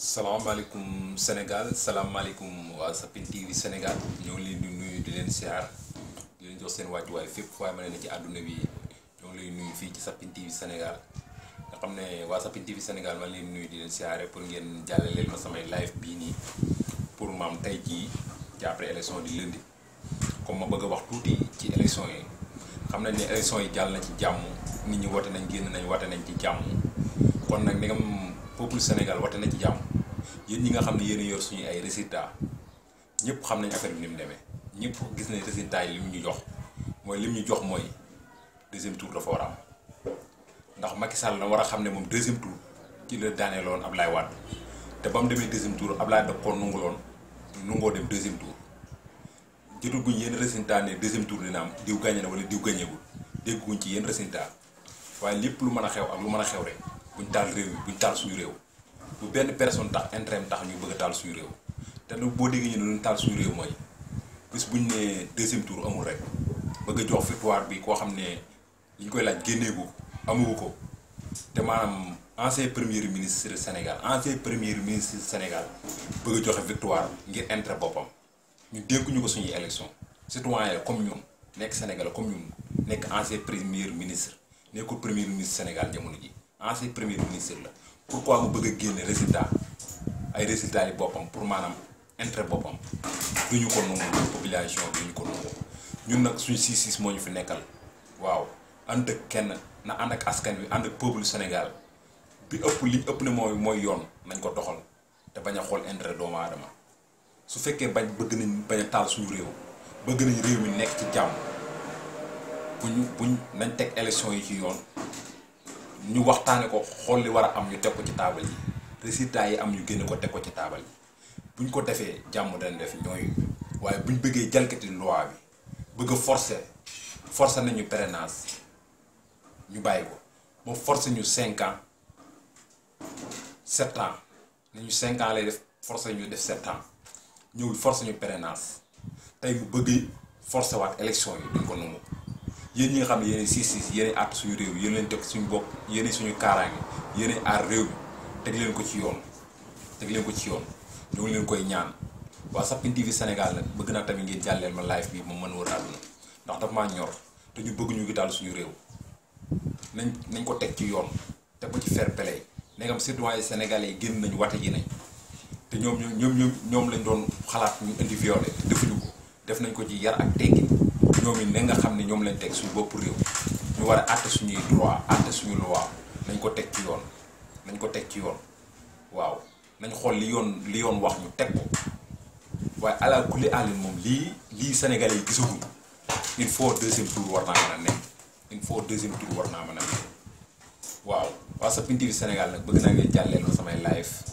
salaamaaleykum Sénégal salaamaaleykum waa Sapin TV Sénégal ñoo ngi leen di nuyu di leen siyaar di jox seen wàccuwaay fépp waaye ma ne ci àdduna bi ñoo ngi lay nuyu fii ci Sapin TV Sénégal nga xam ne waa Sapin TV Sénégal ma leen nuyu di leen siyaare pour ngeen jàllale leen ma samay live bii nii pour maam tey jii ci après élection di lundi comme ma bëgg a wax tuuti ci élection yi xam nañ ni élection yi jàll na ci jàmm nit ñi woote nañ génn nañ woote nañ ci jàmm peuple Sénégal wate na ci jàmm yéen ñi nga xam ne yéen yor suñu ay résultats ñëpp xam nañ affaire ni mu demee ñëpp gis nañ résultats yi lim ñu jox mooy lim ñu jox mooy deuxième tour dafa war a ndax Macky Sall na war a xam ne moom deuxième tour ci la daaneeloon Ablaye Wade te ba mu deuxième tour Ablaye da ko nunguloon nungoo dem deuxième tour jotaguñ yenn résultats ne deuxième tour dina am diw gagné na wala diw gagné wul dégguñ ci yenn résultats waaye lépp lu mën a xew ak lu mën a xew rek. buñ taal réew mi buñ taal suñu réew bu benn personne tax intérêt tax ñu bëgg a taal suñu réew te lu boo déggee ñu ne luñ taal suñu réew mooy bis buñ ne deuxième tour amul rek bëgg a jox victoire bi koo xam ne li koy laaj génnee ko amu ko te maanaam ancien premier ministre Sénégal ancien premier ministre Sénégal bëgg a joxe victoire ngir intérêt boppam ñu dénkuñu ko suñuy élection citoyen comme ñun nekk Sénégal comme ñun nekk ancien premier ministre nekkul premier ministre Sénégal jamono ji ancien premier ministre la pour pourquoi bu bëgg a génne résultat ay résultats yi boppam pour maanaam intérêt boppam ñu ko nangu population bi duñu ko nangu ñun nag suñu siis siis moo ñu fi nekkal waaw ànd kenn na ànd askan wi ànd ak Sénégal bi ëpp li ëpp ne mooy yoon nañ ko doxal te bañ a xool intérêt doomu aadama su fekkee bañ bëgg nañ bañ a taal suñu réew bëgg nañu réew mi nekk ci jàmm buñ buñ nañ teg élection yi ci yoon. ñu waxtaane ko xool li war a am ñu teg ko ci taabal yi résultats yi am ñu génn ko teg ko ci taabal yi bu ñu ko defee jàmm dañ def ñooyu waaye bu ñu bëggee jalkati loi bi bëgg force force nañu parrainage ñu bàyyi ko ba force ñu cinq ans nañu cinq lay def forcer ñu def sept ans ñëwul forcer ñu parrainage tey mu bëgg forcer waat élection yi duñ ko nangu. yéen ñi xam ne yéenay siis siis yéenay àtt suñu réew yéen leen teg suñu bokk yéenay suñu kaaraange yéenay aar réew mi teg leen ko ci yoon teg leen ko ci yoon ñu ngi leen koy ñaan waa Sapin TV Sénégal bëgg naa tamit ngeen jàlleel ma live bi ma mën wër àdduna ndax dafa maa ñor te ñu ñu ngi daal suñu réew nañ nañ ko teg ci yoon teg ko ci fair play ndegam citoyen sénégalais yi génn nañ wate ji nañ te ñoom ñoom ñoom ñoom lañ doon xalaat ñu indi violé te defuñu def nañ ko ci yar ak teggin ñoom it nga xam ne ñoom lañ teg suñu bopp réew ñu war a àtte suñuy droit àtte suñu loi nañ ko teg ci yoon nañ ko teg ci yoon waaw nañ xool li yoon li yoon wax ñu teg ko waaye ala kulli àllin moom lii lii Sénégalais yi gisaguñu il faut deuxième tour war naa mën a nekk il faut deuxième tour war naa mën a nekk waaw waa Sapin TV Sénégal nag bëgg naa ngeen jàlleeloo samay live